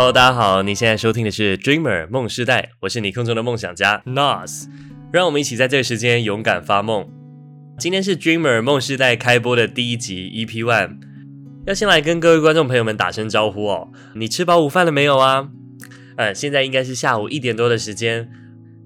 Hello，大家好！你現在收聽的是《Dreamer 夢時代》，我是你空中的夢想家 Nose，讓我們一起在這個時間勇敢發夢。今天是《Dreamer 夢時代》開播的第一集 EP One，要先來跟各位觀眾朋友們打聲招呼哦。你吃飽午飯了沒有啊？呃，現在應該是下午一點多的時間，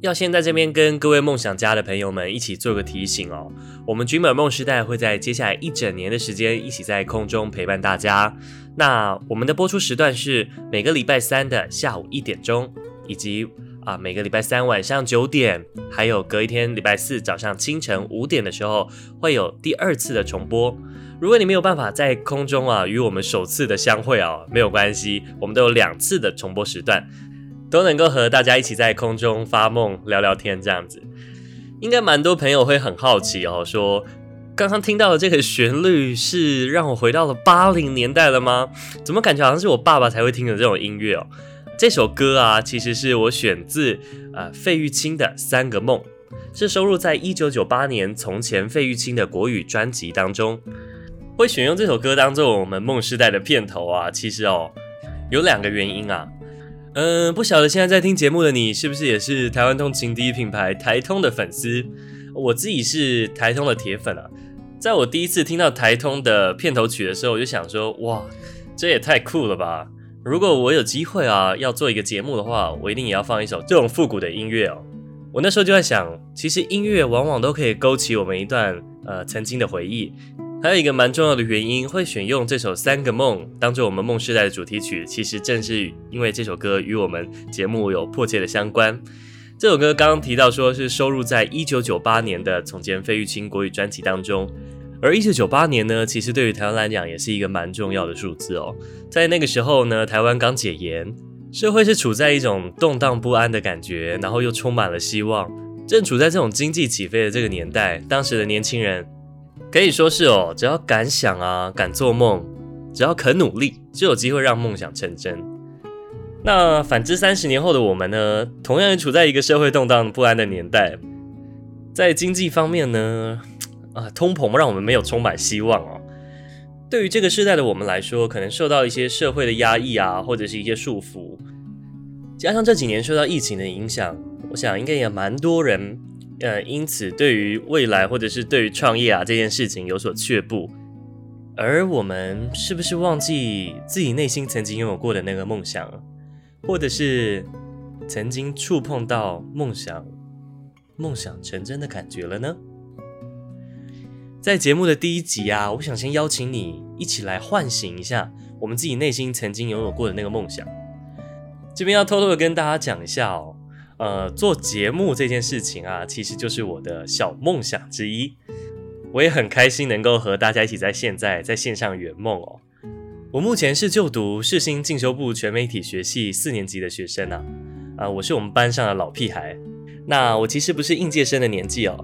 要先在這邊跟各位夢想家的朋友們一起做個提醒哦。我們《Dreamer 夢時代》會在接下來一整年的時間，一起在空中陪伴大家。那我們的播出時段是每個禮拜三的下午一點鐘，以及啊每個禮拜三晚上九點，還有隔一天禮拜四早上清晨五點的時候會有第二次的重播。如果你沒有辦法在空中啊與我們首次的相會啊沒有關係，我們都有兩次的重播時段，都能夠和大家一起在空中發夢聊聊天這樣子。應該蠻多朋友會很好奇哦，說。剛剛聽到的這個旋律是讓我回到了八零年代了嗎？怎麼感覺好像是我爸爸才會聽的這種音樂哦？這首歌啊，其實是我選自啊、呃、費玉清的《三個夢》，是收錄在一九九八年從前費玉清的國語專輯當中。會選用這首歌當做我們夢世代的片頭啊，其實哦有兩個原因啊，嗯，不曉得現在在聽節目的你是不是也是台灣通勤第一品牌台通的粉絲？我自己是台通的鐵粉啊。在我第一次聽到台通的片頭曲的時候，我就想說，哇，這也太酷了吧！如果我有機會啊，要做一個節目的話，我一定也要放一首這種復古的音樂哦。我那時候就在想，其實音樂往往都可以勾起我們一段，呃，曾經的回憶。還有一個蠻重要的原因，會選用這首《三個夢》當做我們夢世代的主題曲，其實正是因為這首歌與我們節目有迫切的相關。這首歌剛剛提到說是收錄在1998年的從前費玉清國語專輯當中，而1998年呢，其實對於台灣來講也是一個蠻重要的數字哦。在那個時候呢，台灣剛解嚴，社會是處在一種動盪不安的感覺，然後又充滿了希望，正處在這種經濟起飛的這個年代。當時的年輕人可以說是哦，只要敢想啊，敢做夢，只要肯努力，就有機會讓夢想成真。那反之，三十年後的我們呢？同樣也處在一個社會動蕩不安的年代，在經濟方面呢，啊，通膨讓我們沒有充滿希望哦。對於這個世代的我們來說，可能受到一些社會的壓抑啊，或者是一些束縛，加上這幾年受到疫情的影響，我想應該也蠻多人，呃，因此對於未來或者是對於創業啊這件事情有所卻步，而我們是不是忘記自己內心曾經擁有過的那個夢想？或者是曾經觸碰到夢想、夢想成真的感覺了呢？在節目的第一集啊，我想先邀請你一起來喚醒一下我們自己內心曾經擁有過的那個夢想。這邊要偷偷的跟大家講一下哦，呃，做節目這件事情啊，其實就是我的小夢想之一。我也很開心能夠和大家一起在現在，在線上圓夢哦。我目前是就讀世新進修部全媒體學系四年級的學生啊，啊、呃，我是我們班上的老屁孩。那我其實不是應屆生的年紀哦，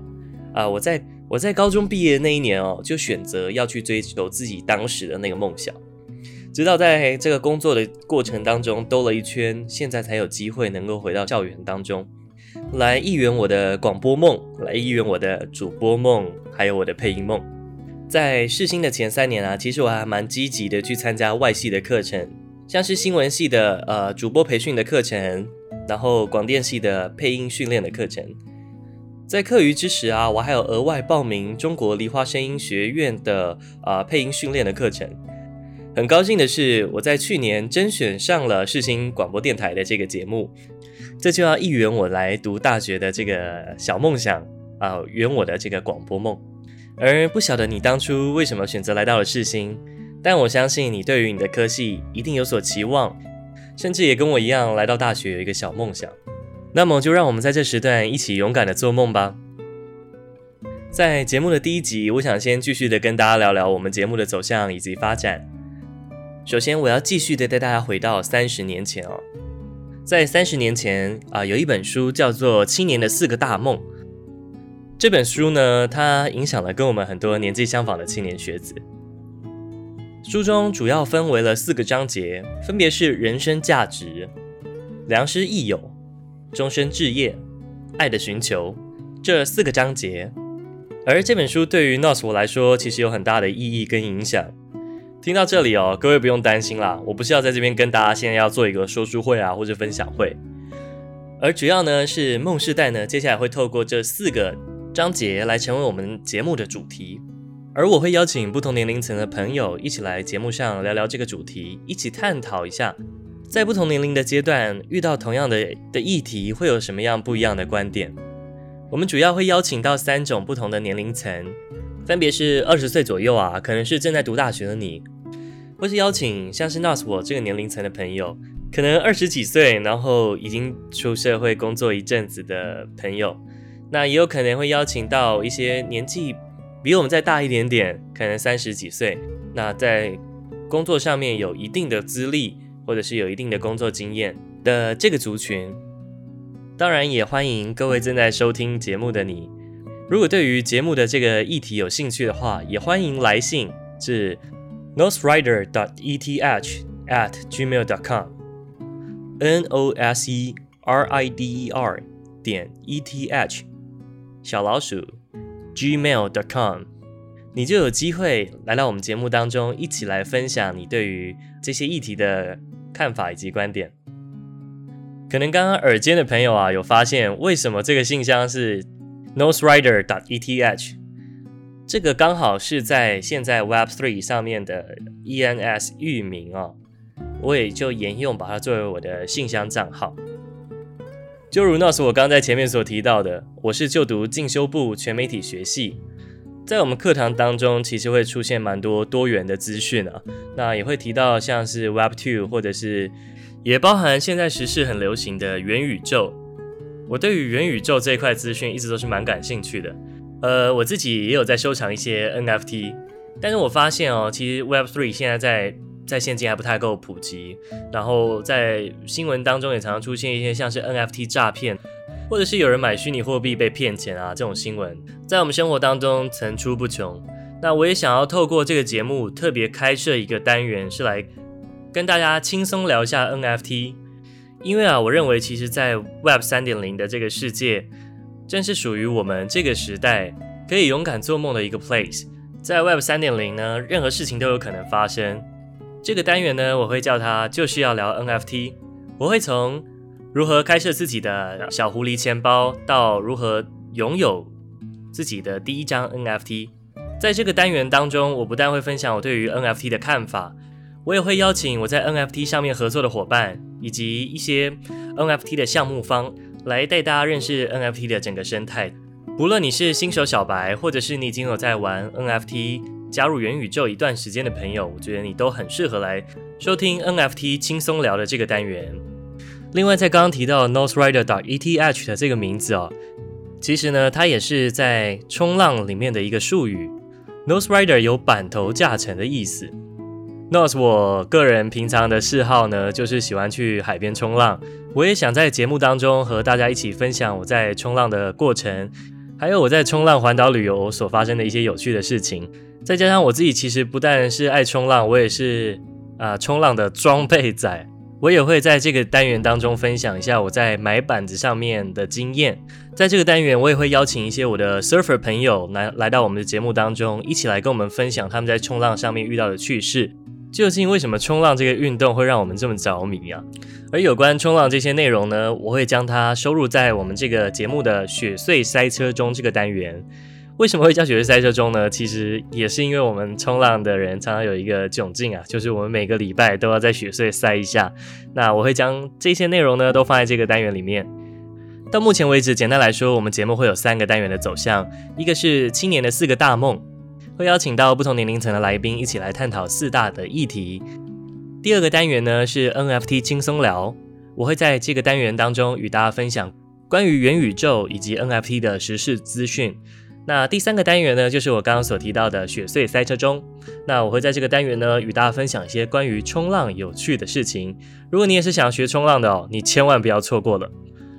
啊、呃，我在我在高中畢業那一年哦，就選擇要去追求自己當時的那個夢想，直到在這個工作的過程當中兜了一圈，現在才有機會能夠回到校園當中，來一圓我的廣播夢，來一圓我的主播夢，還有我的配音夢。在世新的前三年啊，其實我還蠻積極的去參加外系的課程，像是新聞系的呃主播培訓的課程，然後廣電系的配音訓練的課程。在課餘之時啊，我還有額外報名中國梨花聲音學院的啊、呃、配音訓練的課程。很高興的是，我在去年甄選上了世新廣播電台的這個節目，這就要一圓我來讀大學的這個小夢想啊，圓、呃、我的這個廣播夢。而不曉得你當初為什麼選擇來到了世新，但我相信你對於你的科系一定有所期望，甚至也跟我一樣來到大學有一個小夢想。那麼就讓我們在這時段一起勇敢的做夢吧。在節目的第一集，我想先繼續的跟大家聊聊我們節目的走向以及發展。首先，我要繼續的帶大家回到三十年前哦，在三十年前啊、呃，有一本書叫做《青年的四個大夢》。這本書呢，它影響了跟我們很多年紀相仿的青年學子。書中主要分為了四個章節，分別是人生價值、良師益友、終身志業、愛的尋求這四個章節。而這本書對於 Nose 我來說，其實有很大的意義跟影響。聽到這裡哦，各位不用擔心啦，我不是要在這邊跟大家現在要做一個說書會啊，或者分享會，而主要呢是夢世代呢，接下來會透過這四個。章節來成為我們節目的主題，而我會邀請不同年齡層的朋友一起來節目上聊聊這個主題，一起探討一下，在不同年齡的階段遇到同樣的的議題會有什麼樣不一樣的觀點。我們主要會邀請到三種不同的年齡層，分別是二十歲左右啊，可能是正在讀大學的你，或是邀請像是 Nose 我這個年齡層的朋友，可能二十幾歲，然後已經出社會工作一陣子的朋友。那也有可能會邀請到一些年紀比我們再大一點點，可能三十幾歲，那在工作上面有一定的資歷，或者是有一定的工作經驗的這個族群。當然，也歡迎各位正在收聽節目的你，如果對於節目的這個議題有興趣的話，也歡迎來信至 noserider. eth at gmail. com n。n o s e r i d e r 點 e t h 小老鼠，gmail.com，你就有機會來到我們節目當中，一起來分享你對於這些議題的看法以及觀點。可能剛剛耳尖的朋友啊，有發現為什麼這個信箱是 nosreader.eth？這個剛好是在現在 Web3 上面的 ENS 域名啊、哦，我也就沿用把它作為我的信箱賬號。就如 Nose 我剛在前面所提到的，我是就讀進修部全媒體學系，在我們課堂當中，其實會出現蠻多多元的資訊啊，那也會提到像是 Web 2，或者是，也包含現在時事很流行的元宇宙。我對於元宇宙這一塊資訊一直都是蠻感興趣的，呃，我自己也有在收藏一些 NFT，但是我發現哦，其實 Web 3現在在在現今還不太夠普及，然後在新聞當中也常常出現一些像是 NFT 詐騙，或者是有人買虛擬貨幣被騙錢啊這種新聞，在我們生活當中層出不窮。那我也想要透過這個節目，特別開設一個單元，是來跟大家輕鬆聊一下 NFT。因為啊，我認為其實在 Web 三點零的這個世界，正是屬於我們這個時代可以勇敢做夢的一個 place。在 Web 三點零呢，任何事情都有可能發生。這個單元呢，我會叫它就是要聊 NFT。我會從如何開設自己的小狐狸錢包，到如何擁有自己的第一張 NFT。在這個單元當中，我不但會分享我對於 NFT 的看法，我也會邀請我在 NFT 上面合作的夥伴，以及一些 NFT 的項目方，來帶大家認識 NFT 的整個生態。不論你是新手小白，或者是你已經有在玩 NFT。加入元宇宙一段時間的朋友，我覺得你都很適合來收聽 NFT 輕鬆聊的這個單元。另外，在剛剛提到 Nose Rider dot ETH 的這個名字哦，其實呢，它也是在衝浪裡面的一個術語。Nose Rider 有板頭駕乘的意思。Nose，我個人平常的嗜好呢，就是喜歡去海邊衝浪。我也想在節目當中和大家一起分享我在衝浪的過程，還有我在衝浪環島旅遊所發生的一些有趣的事情。再加上我自己，其實不但是愛衝浪，我也是啊、呃、衝浪的裝備仔。我也會在這個單元當中分享一下我在買板子上面的經驗。在這個單元，我也會邀請一些我的 surfer 朋友來來到我們的節目當中，一起來跟我們分享他們在衝浪上面遇到的趣事。究竟為什麼衝浪這個運動會讓我們這麼着迷啊？而有關衝浪這些內容呢，我會將它收入在我們這個節目的雪隧塞車中這個單元。為什麼會叫雪隧塞車中呢？其實也是因為我們衝浪的人常常有一個窘境啊，就是我們每個禮拜都要在雪隧塞一下。那我會將這些內容呢都放在這個單元裡面。到目前為止，簡單來說，我們節目會有三個單元的走向，一個是青年的四個大夢，會邀請到不同年齡層的來賓一起來探討四大的議題。第二個單元呢是 NFT 輕鬆聊，我會在這個單元當中與大家分享關於元宇宙以及 NFT 的時事資訊。那第三個單元呢，就是我剛剛所提到的雪隧塞車中。那我會在這個單元呢，與大家分享一些關於衝浪有趣的事情。如果你也是想學衝浪的哦，你千萬不要錯過了。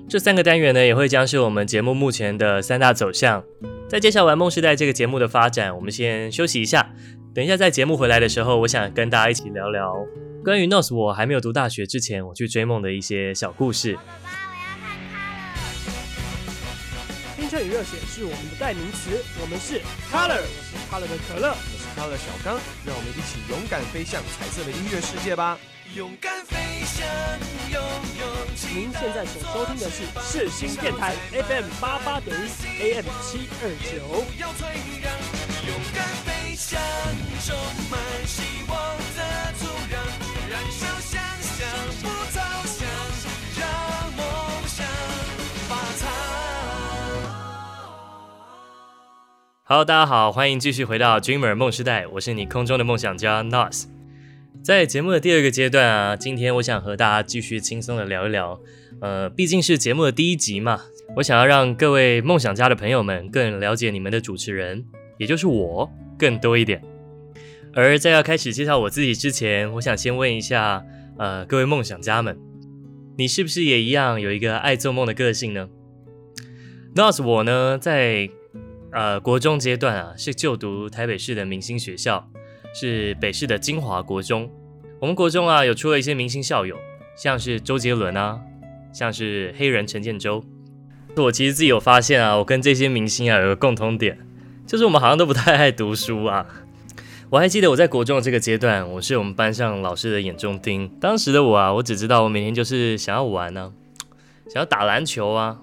這三個單元呢，也會將是我們節目目前的三大走向。在介紹完夢時代這個節目的發展，我們先休息一下。等一下在節目回來的時候，我想跟大家一起聊聊關於 Nose。我還沒有讀大學之前，我去追夢的一些小故事。青春與熱血是我們的代名詞，我們是 Color，我是 Color 的可樂，我是 Color 小剛，讓我們一起勇敢飛向彩色的音樂世界吧！勇敢飛翔，有勇氣。您現在所收聽的是世新電台 FM 88.1 AM 729，勇敢飛翔，充滿信。Hello, 大家好，歡迎繼續回到《Dreamer 夢時代》，我是你空中的夢想家 Nose。在節目的第二個階段啊，今天我想和大家繼續輕鬆的聊一聊。呃，畢竟是節目的第一集嘛，我想要讓各位夢想家的朋友們更了解你們的主持人，也就是我，更多一點。而在要開始介紹我自己之前，我想先問一下，呃，各位夢想家們，你是不是也一樣有一個愛做夢的個性呢？Nose，我呢，在。呃，國中階段啊，是就讀台北市的明星學校，是北市的金華國中。我們國中啊，有出了一些明星校友，像是周杰倫啊，像是黑人陳建州。我其實自己有發現啊，我跟這些明星啊，有個共通點，就是我們好像都不太愛讀書啊。我還記得我在國中的這個階段，我是我們班上老師的眼中釘。當時的我啊，我只知道我每天就是想要玩呢、啊，想要打籃球啊，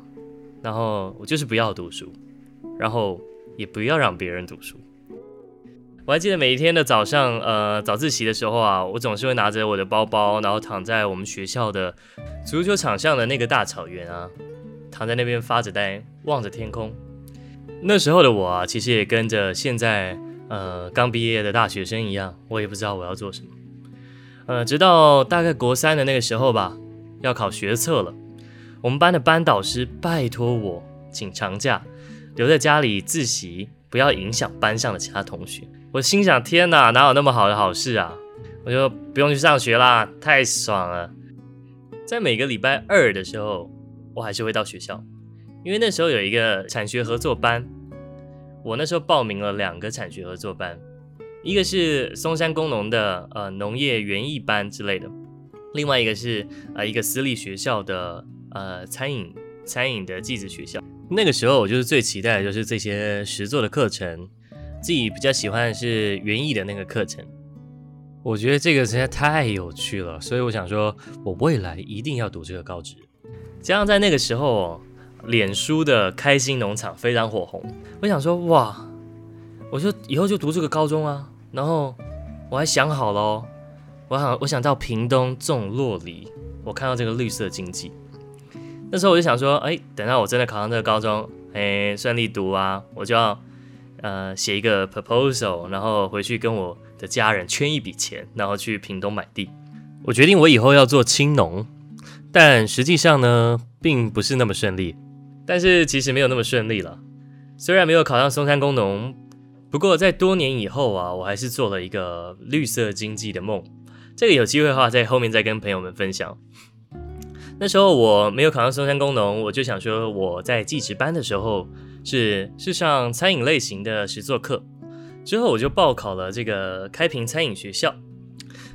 然後我就是不要讀書。然後也不要讓別人讀書。我還記得每一天的早上，呃，早自習的時候啊，我總是會拿着我的包包，然後躺在我們學校的足球場上的那個大草原啊，躺在那邊發着呆，望着天空。那時候的我啊，其實也跟着現在，呃，剛畢業的大學生一樣，我也不知道我要做什麼。呃，直到大概國三的那個時候吧，要考學測了，我們班的班導師拜託我請長假。留在家裡自習，不要影響班上的其他同學。我心想：天哪，哪有那麼好的好事啊？我就不用去上學啦，太爽了。在每個禮拜二的時候，我還是會到學校，因為那時候有一個產學合作班。我那時候報名了兩個產學合作班，一個是松山工農的呃農業園藝班之類的，另外一個是呃一個私立學校的呃餐飲餐飲的技職學校。那個時候我就是最期待的就是這些實作的課程，自己比較喜歡的是園藝的那個課程，我覺得這個實在太有趣了，所以我想說我未來一定要讀這個高職。加上在那個時候，臉書的開心農場非常火紅，我想說哇，我就以後就讀這個高中啊，然後我還想好咯，我想我想到屏東種洛梨，我看到這個綠色經濟。那時候我就想說，哎、欸，等到我真的考上這個高中，哎、欸，順利讀啊，我就要呃寫一個 proposal，然後回去跟我的家人圈一筆錢，然後去屏東買地。我決定我以後要做青農，但實際上呢，並不是那麼順利。但是其實沒有那麼順利了，雖然沒有考上松山工農，不過在多年以後啊，我還是做了一個綠色經濟的夢。這個有機會的話，在後面再跟朋友們分享。那時候我沒有考上松山工農，我就想說，我在技職班的時候是是上餐飲類型的實作課。之後我就報考了這個開平餐飲學校，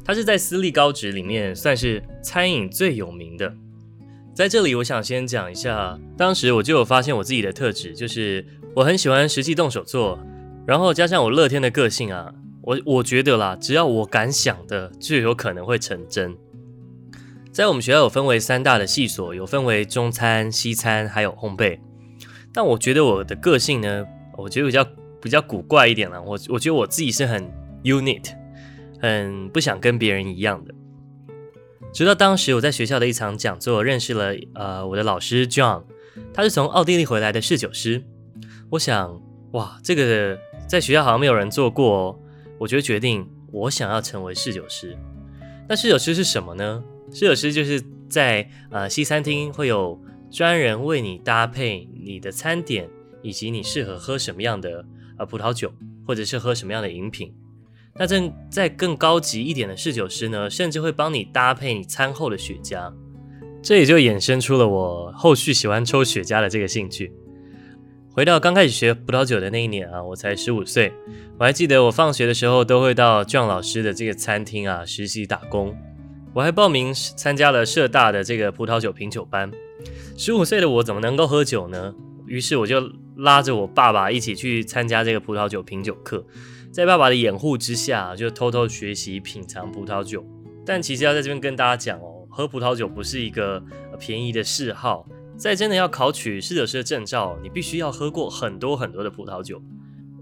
它是在私立高職裡面算是餐飲最有名的。在這裡，我想先講一下，當時我就有發現我自己的特質，就是我很喜歡實際動手做，然後加上我樂天的個性啊，我我覺得啦，只要我敢想的，就有可能會成真。在我們學校有分為三大的系所，有分為中餐、西餐，還有烘焙。但我覺得我的個性呢，我覺得比較比較古怪一點啦。我我覺得我自己是很 unique，很不想跟別人一樣的。直到當時我在學校的一場講座，認識了呃我的老師 John，他是從奧地利回來的侍酒師。我想，哇，這個在學校好像沒有人做過哦。我就決定我想要成為侍酒師。那侍酒師是什麼呢？侍酒師就是在呃西餐廳會有專人為你搭配你的餐點，以及你適合喝什麼樣的呃葡萄酒，或者是喝什麼樣的飲品。那正在更高級一點的侍酒師呢，甚至會幫你搭配你餐後的雪茄。這也就衍生出了我後續喜歡抽雪茄的這個興趣。回到剛開始學葡萄酒的那一年啊，我才十五歲，我還記得我放學的時候都會到莊老師的這個餐廳啊實習打工。我還報名參加了社大的這個葡萄酒品酒班。十五歲的我怎麼能夠喝酒呢？於是我就拉着我爸爸一起去參加這個葡萄酒品酒課，在爸爸的掩護之下，就偷偷學習品嘗葡萄酒。但其實要在這邊跟大家講哦，喝葡萄酒不是一個便宜的嗜好。在真的要考取侍酒師的證照，你必須要喝過很多很多的葡萄酒。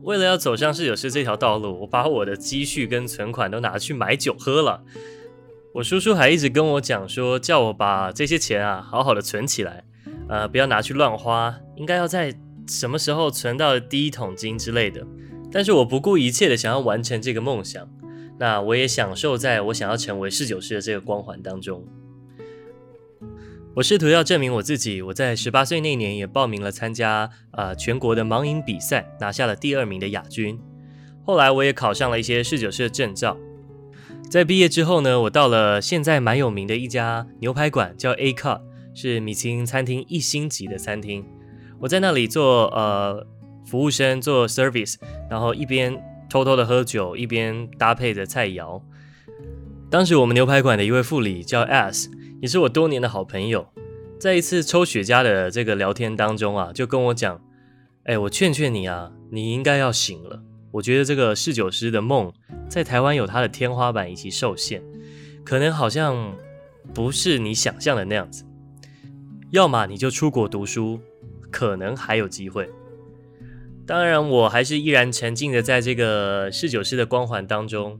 為了要走上侍酒師這條道路，我把我的積蓄跟存款都拿去買酒喝了。我叔叔還一直跟我講說，叫我把這些錢啊好好的存起來，呃，不要拿去亂花，應該要在什麼時候存到第一桶金之類的。但是我不顧一切的想要完成這個夢想，那我也享受在我想要成為侍酒師的這個光環當中。我試圖要證明我自己，我在十八歲那年也報名了參加呃全國的盲飲比賽，拿下了第二名的亞軍。後來我也考上了一些侍酒師的證照。在畢業之後呢，我到了現在蠻有名的一家牛排館，叫 A Cut，是米其林餐廳一星級的餐廳。我在那裡做呃服務生，做 service，然後一邊偷偷的喝酒，一邊搭配着菜肴。當時我們牛排館的一位副理叫 S，也是我多年的好朋友，在一次抽雪茄的這個聊天當中啊，就跟我講：“哎、欸，我勸勸你啊，你應該要醒了。”我覺得這個侍酒師的夢在台灣有它的天花板以及受限，可能好像不是你想象的那樣子。要麼你就出國讀書，可能還有機會。當然，我還是依然沉浸的在這個侍酒師的光環當中。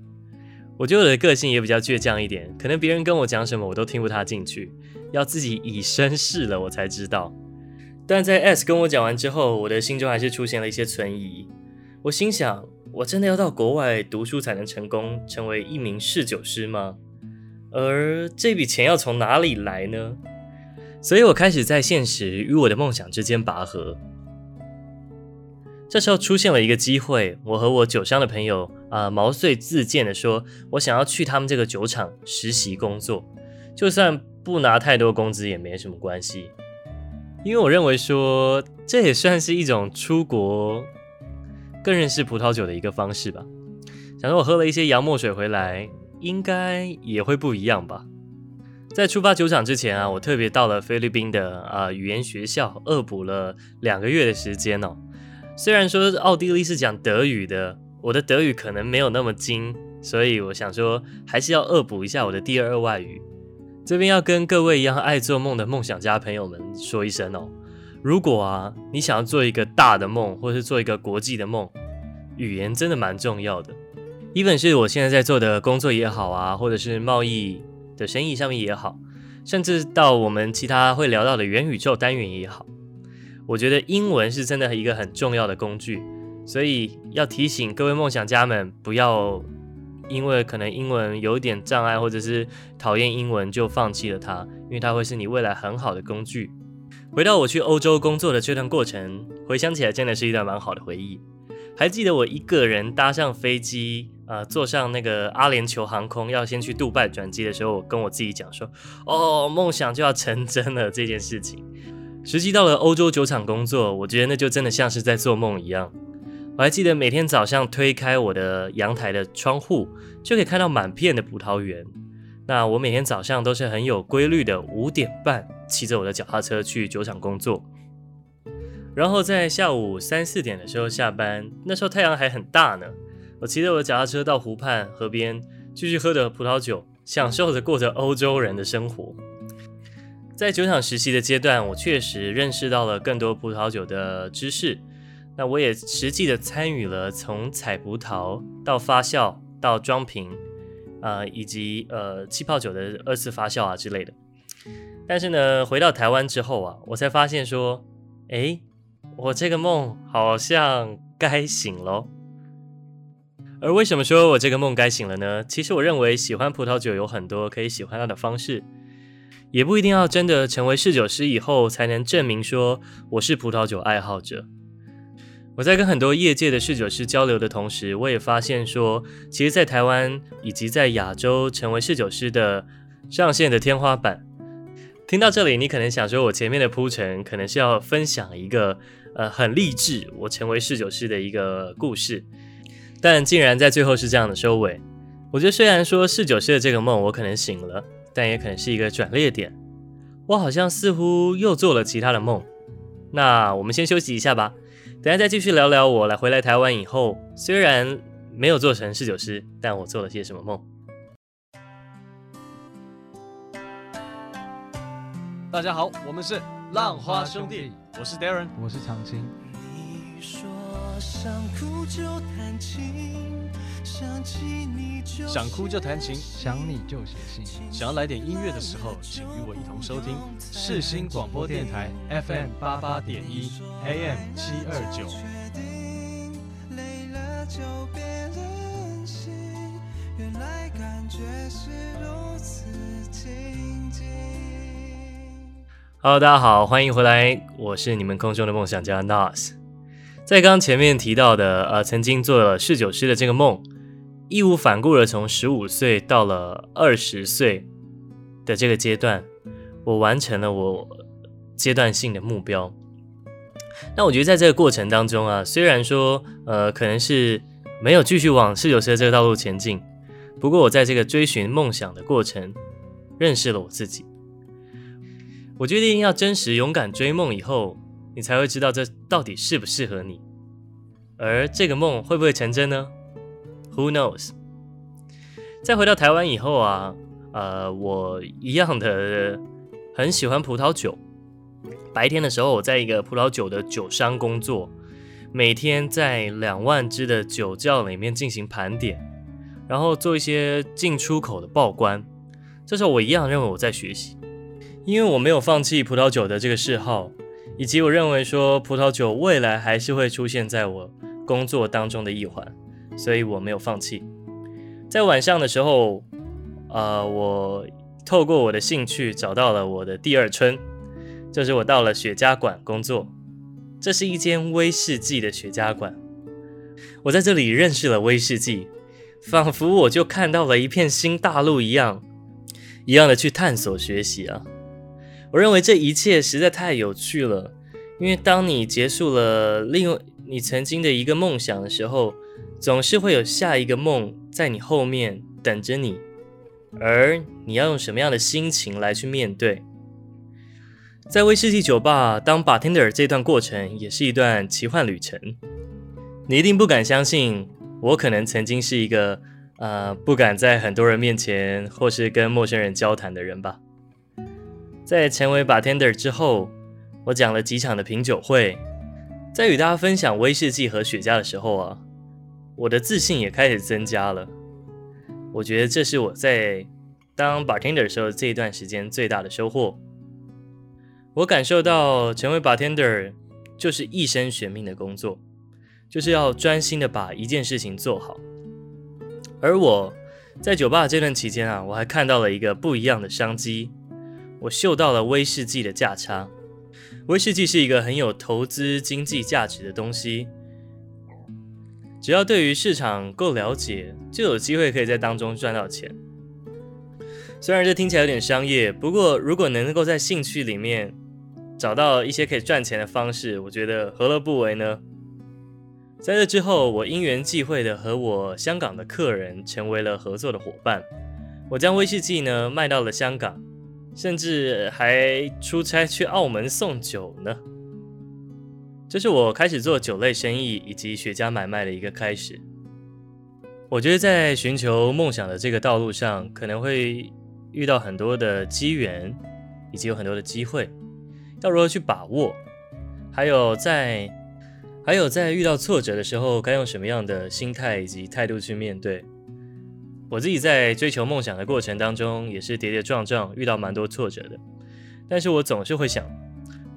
我覺得我的個性也比較倔強一點，可能別人跟我講什麼我都聽不太進去，要自己以身試了我才知道。但在 S 跟我講完之後，我的心中還是出現了一些存疑。我心想：我真的要到國外讀書才能成功，成為一名侍酒師嗎？而這筆錢要從哪裡來呢？所以，我開始在現實與我的夢想之間拔河。這時候出現了一個機會，我和我酒商的朋友啊、呃、毛遂自薦地說，我想要去他們這個酒廠實習工作，就算不拿太多工資也沒什麼關係，因為我認為說這也算是一種出國。更認識葡萄酒的一個方式吧。想說，我喝了一些洋墨水回來，應該也會不一樣吧。在出發酒廠之前啊，我特別到了菲律賓的啊、呃、語言學校，惡補了兩個月的時間哦、喔。雖然說奧地利是講德語的，我的德語可能沒有那麼精，所以我想說還是要惡補一下我的第二,二外語。這邊要跟各位一樣愛做夢的夢想家朋友們說一聲哦、喔。如果啊，你想要做一個大的夢，或是做一個國際的夢，語言真的蠻重要的。even 是我現在在做的工作也好啊，或者是貿易的生意上面也好，甚至到我們其他會聊到的元宇宙單元也好，我覺得英文是真的一個很重要的工具。所以要提醒各位夢想家們，不要因為可能英文有點障礙，或者是討厭英文就放棄了它，因為它會是你未來很好的工具。回到我去歐洲工作的這段過程，回想起來真的是一段蠻好的回憶。還記得我一個人搭上飛機，啊、呃，坐上那個阿聯酋航空要先去杜拜轉機的時候，我跟我自己講說：“哦，夢想就要成真了。”這件事情，實際到了歐洲酒廠工作，我覺得那就真的像是在做夢一樣。我還記得每天早上推開我的陽台的窗戶，就可以看到滿片的葡萄園。那我每天早上都是很有規律的五點半。騎着我的腳踏車去酒廠工作，然後在下午三四點的時候下班，那時候太陽還很大呢。我騎着我的腳踏車到湖畔河邊，繼續喝着葡萄酒，享受着過着歐洲人的生活。在酒廠實習的階段，我確實認識到了更多葡萄酒的知識。那我也實際的參與了從採葡萄到發酵到裝瓶，啊、呃，以及呃氣泡酒的二次發酵啊之類的。但是呢，回到台灣之後啊，我才發現說，哎、欸，我這個夢好像該醒了。而為什麼說我這個夢該醒了呢？其實我認為喜歡葡萄酒有很多可以喜歡它的方式，也不一定要真的成為侍酒師以後才能證明說我是葡萄酒愛好者。我在跟很多業界的侍酒師交流的同時，我也發現說，其實，在台灣以及在亞洲，成為侍酒師的上限的天花板。聽到這裡，你可能想說，我前面的鋪陳可能是要分享一個，呃，很勵志，我成為侍酒師的一個故事，但竟然在最後是這樣的收尾。我覺得雖然說侍酒師的這個夢我可能醒了，但也可能是一個轉捩點。我好像似乎又做了其他的夢。那我們先休息一下吧，等一下再繼續聊聊我來回來台灣以後，雖然沒有做成侍酒師，但我做了些什麼夢。大家好，我們是浪花兄弟，兄弟我是 Darren，我是常青。你說想哭就彈琴，想哭就彈琴，想你就寫信。想要來點音樂的時候，時候請與我一同收聽世新廣播電台 FM 八八點一，AM 七二九。累了就別 Hello，大家好，歡迎回來，我是你們空中的夢想家 Nose。在剛前面提到的，呃，曾經做了侍酒師的這個夢，義無反顧的從十五歲到了二十歲的這個階段，我完成了我階段性的目標。那我覺得在這個過程當中啊，雖然說，呃，可能是沒有繼續往侍酒師的這個道路前進，不過我在這個追尋夢想的過程，認識了我自己。我決定要真實勇敢追夢以後，你才會知道這到底適不適合你，而這個夢會不會成真呢？Who knows？再回到台灣以後啊，呃，我一樣的很喜歡葡萄酒。白天的時候，我在一個葡萄酒的酒商工作，每天在兩萬支的酒窖裡面進行盤點，然後做一些進出口的報關。這時候，我一樣認為我在學習。因為我沒有放棄葡萄酒的這個嗜好，以及我認為說葡萄酒未來還是會出現在我工作當中的一環，所以我沒有放棄。在晚上的時候，呃，我透過我的興趣找到了我的第二春，就是我到了雪茄館工作。這是一間威士忌的雪茄館，我在這裡認識了威士忌，仿佛我就看到了一片新大陸一樣，一樣的去探索學習啊。我認為這一切實在太有趣了，因為當你結束了另，你曾經的一個夢想的時候，總是會有下一個夢在你後面等着你，而你要用什麼樣的心情來去面對？在威士忌酒吧當 bartender 這段過程也是一段奇幻旅程，你一定不敢相信，我可能曾經是一個呃不敢在很多人面前或是跟陌生人交談的人吧。在成為 bartender 之後，我講了幾場的品酒會，在與大家分享威士忌和雪茄的時候啊，我的自信也開始增加了。我覺得這是我在當 bartender 的時候這一段時間最大的收穫。我感受到成為 bartender 就是一生懸命的工作，就是要專心的把一件事情做好。而我在酒吧這段期間啊，我還看到了一個不一樣的商機。我嗅到了威士忌的價差。威士忌是一個很有投資經濟價值的東西，只要對於市場夠了解，就有機會可以在當中賺到錢。雖然這聽起來有點商業，不過如果能夠在興趣裡面找到一些可以賺錢的方式，我覺得何樂不為呢？在這之後，我因緣際會的和我香港的客人成為了合作的夥伴。我將威士忌呢賣到了香港。甚至還出差去澳門送酒呢。這是我開始做酒類生意以及雪茄買賣的一個開始。我覺得在尋求夢想的這個道路上，可能會遇到很多的機緣，以及有很多的機會，要如何去把握？還有在，還有在遇到挫折的時候，該用什麼樣的心態以及態度去面對？我自己在追求夢想的過程當中，也是跌跌撞撞，遇到蠻多挫折的。但是我總是會想，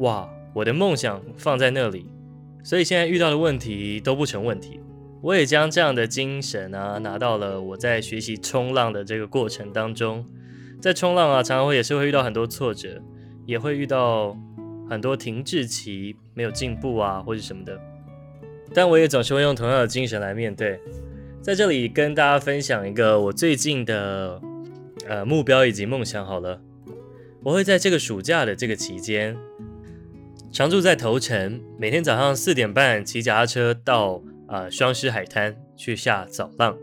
哇，我的夢想放在那裡，所以現在遇到的問題都不成問題。我也將這樣的精神啊，拿到了我在學習衝浪的這個過程當中，在衝浪啊，常常會也是會遇到很多挫折，也會遇到很多停滯期，沒有進步啊，或者什麼的。但我也總是會用同樣的精神來面對。在這裡跟大家分享一個我最近的呃目標以及夢想好了，我會在這個暑假的這個期間常住在頭城，每天早上四點半騎腳踏車到啊雙獅海灘去下早浪。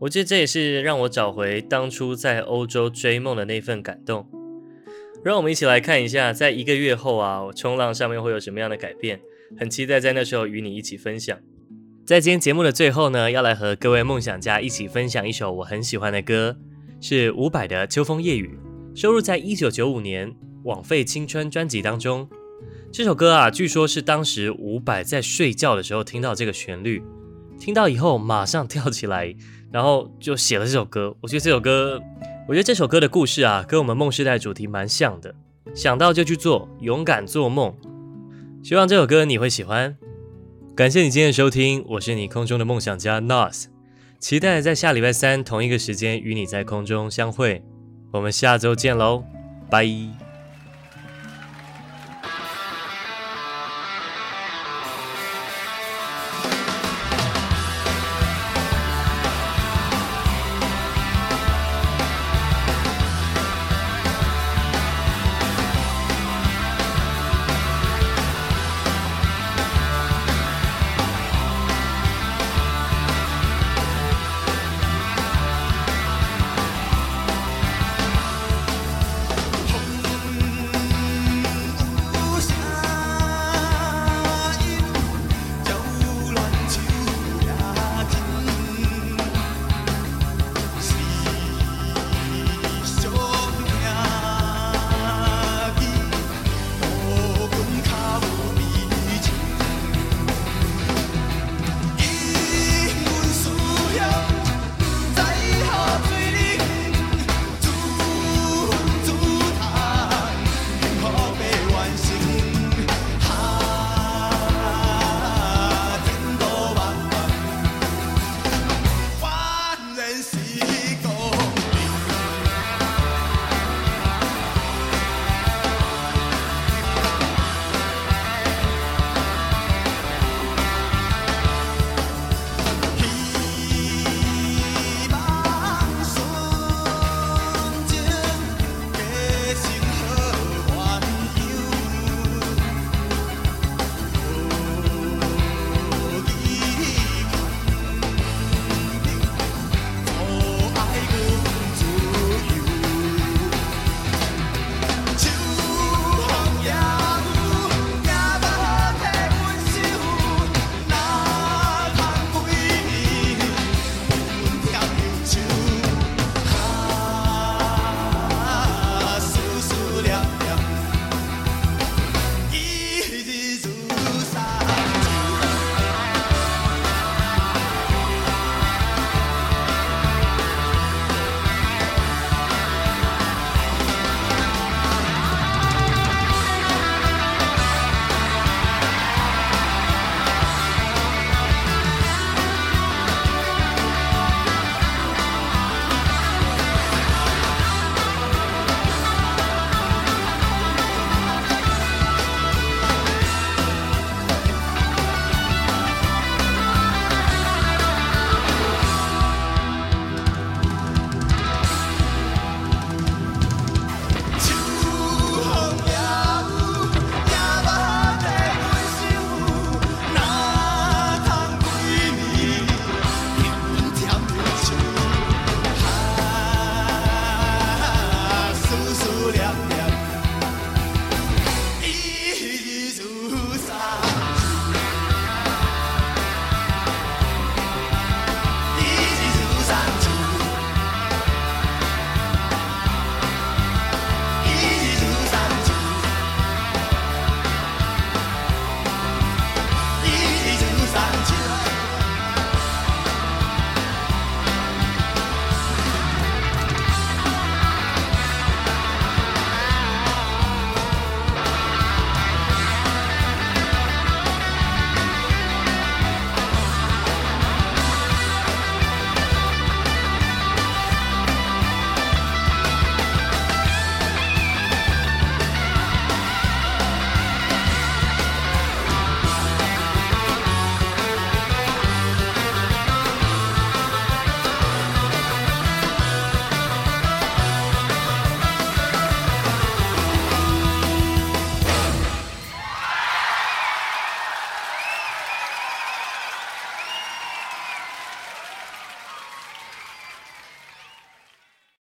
我覺得這也是讓我找回當初在歐洲追夢的那份感動。讓我們一起來看一下，在一個月後啊，我衝浪上面會有什麼樣的改變，很期待在那時候與你一起分享。在今天節目的最後呢，要來和各位夢想家一起分享一首我很喜歡的歌，是伍佰的《秋風夜雨》，收錄在一九九五年《枉費青春》專輯當中。這首歌啊，據說是當時伍佰在睡覺的時候聽到這個旋律，聽到以後馬上跳起來，然後就寫了這首歌。我覺得這首歌，我覺得這首歌，這首歌的故事啊，跟我們夢時代主題蠻像的。想到就去做，勇敢做夢。希望這首歌你會喜歡。.感謝你今天的收聽，我是你空中的夢想家 Nose，期待在下禮拜三同一個時間與你在空中相會，我們下周見嘍，拜。